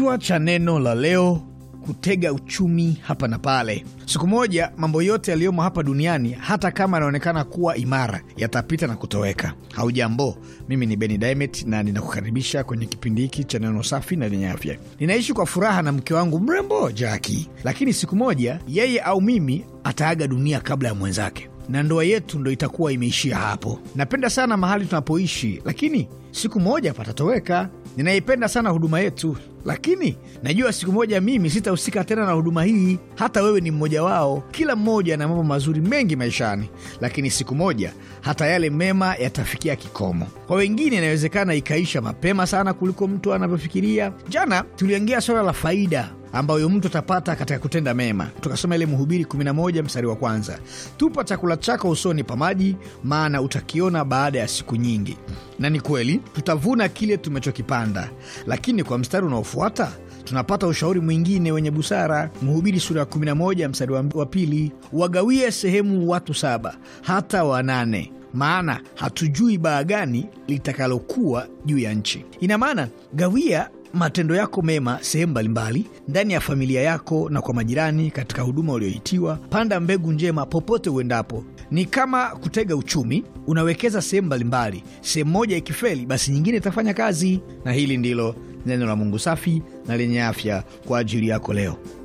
Kichwa cha neno la leo: kutega uchumi hapa na pale. Siku moja mambo yote yaliyomo hapa duniani, hata kama yanaonekana kuwa imara, yatapita na kutoweka. Haujambo, mimi ni Beni Dimet na ninakukaribisha kwenye kipindi hiki cha neno safi na lenye afya. Ninaishi kwa furaha na mke wangu mrembo Jaki, lakini siku moja yeye au mimi ataaga dunia kabla ya mwenzake na ndoa yetu ndo itakuwa imeishia hapo. Napenda sana mahali tunapoishi, lakini siku moja patatoweka. Ninaipenda sana huduma yetu, lakini najua siku moja mimi sitahusika tena na huduma hii. Hata wewe ni mmoja wao. Kila mmoja ana mambo mazuri mengi maishani, lakini siku moja hata yale mema yatafikia kikomo. Kwa wengine inawezekana ikaisha mapema sana kuliko mtu anavyofikiria. Jana tuliongea swala la faida ambayo mtu atapata katika kutenda mema. Tukasoma ile Mhubiri 11 mstari wa kwanza, tupa chakula chako usoni pa maji, maana utakiona baada ya siku nyingi na ni kweli tutavuna kile tumechokipanda. Lakini kwa mstari unaofuata tunapata ushauri mwingine wenye busara. Mhubiri sura ya 11 mstari wa pili, wagawie sehemu watu saba hata wanane maana hatujui baa gani litakalokuwa juu ya nchi. Ina maana gawia matendo yako mema sehemu mbalimbali ndani ya familia yako na kwa majirani, katika huduma ulioitiwa. Panda mbegu njema popote uendapo. Ni kama kutega uchumi, unawekeza sehemu mbalimbali. Sehemu moja ikifeli, basi nyingine itafanya kazi. Na hili ndilo neno la Mungu safi na lenye afya kwa ajili yako leo.